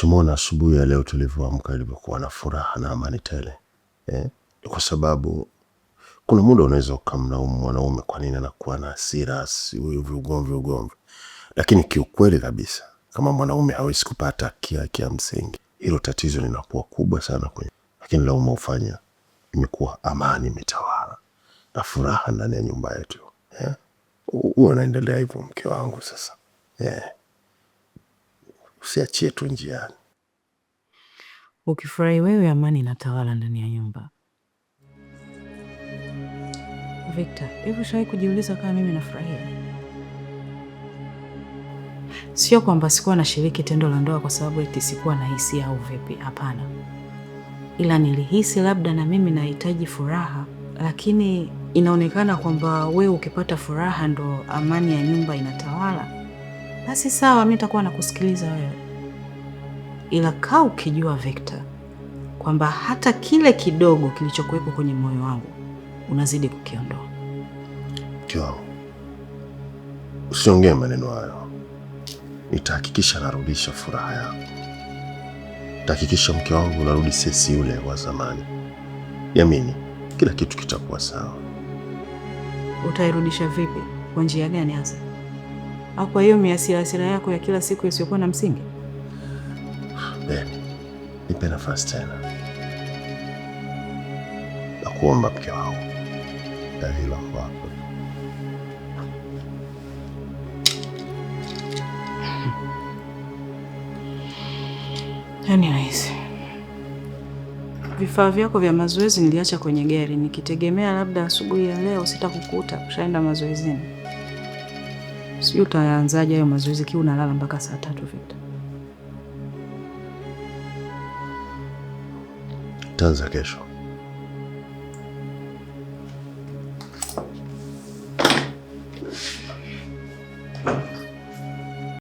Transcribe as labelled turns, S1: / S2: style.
S1: Tumeona asubuhi ya leo tulivyoamka ilivyokuwa na furaha na amani tele eh? Kwa sababu kuna muda unaweza ukamlaumu mwanaume kwa nini anakuwa na hasira, ugomvi ugomvi, lakini kiukweli kabisa kama mwanaume hawezi kupata haki yake ya msingi, hilo tatizo linakuwa kubwa sana kwenye. Lakini lauma ufanya imekuwa amani imetawala na furaha ndani ya nyumba yetu eh? Huwa naendelea hivyo mke wangu sasa eh usiachie tu njiani.
S2: Ukifurahi wewe, amani inatawala ndani ya nyumba. Victor, hivi ushawahi kujiuliza kama mimi nafurahia? Sio kwamba sikuwa nashiriki tendo la ndoa kwa sababu eti sikuwa na hisia au vipi, hapana, ila nilihisi labda na mimi nahitaji furaha, lakini inaonekana kwamba wewe ukipata furaha ndo amani ya nyumba inatawala. Basi sawa, mi nitakuwa nakusikiliza wewe ila kaa ukijua Victor, kwamba hata kile kidogo kilichokuwepo kwenye moyo wangu unazidi kukiondoa.
S1: Mke wangu, usiongee maneno hayo, nitahakikisha narudisha furaha yako, nitahakikisha mke wangu unarudi sesi yule wa zamani. Yamini kila kitu kitakuwa sawa.
S2: Utairudisha vipi? Kwa njia gani hasa? Au kwa hiyo miasirasira yako ya kila siku isiyokuwa na msingi?
S1: nipe nafasi tena, nakuomba mke wangu. Allahu akbar.
S2: Yaani rahisi, vifaa vyako vya mazoezi niliacha kwenye gari, nikitegemea labda asubuhi ya leo sitakukuta, ushaenda mazoezini. Sijui utaanzaje hayo mazoezi, kiu, unalala mpaka saa tatu Victor.
S1: taanza kesho.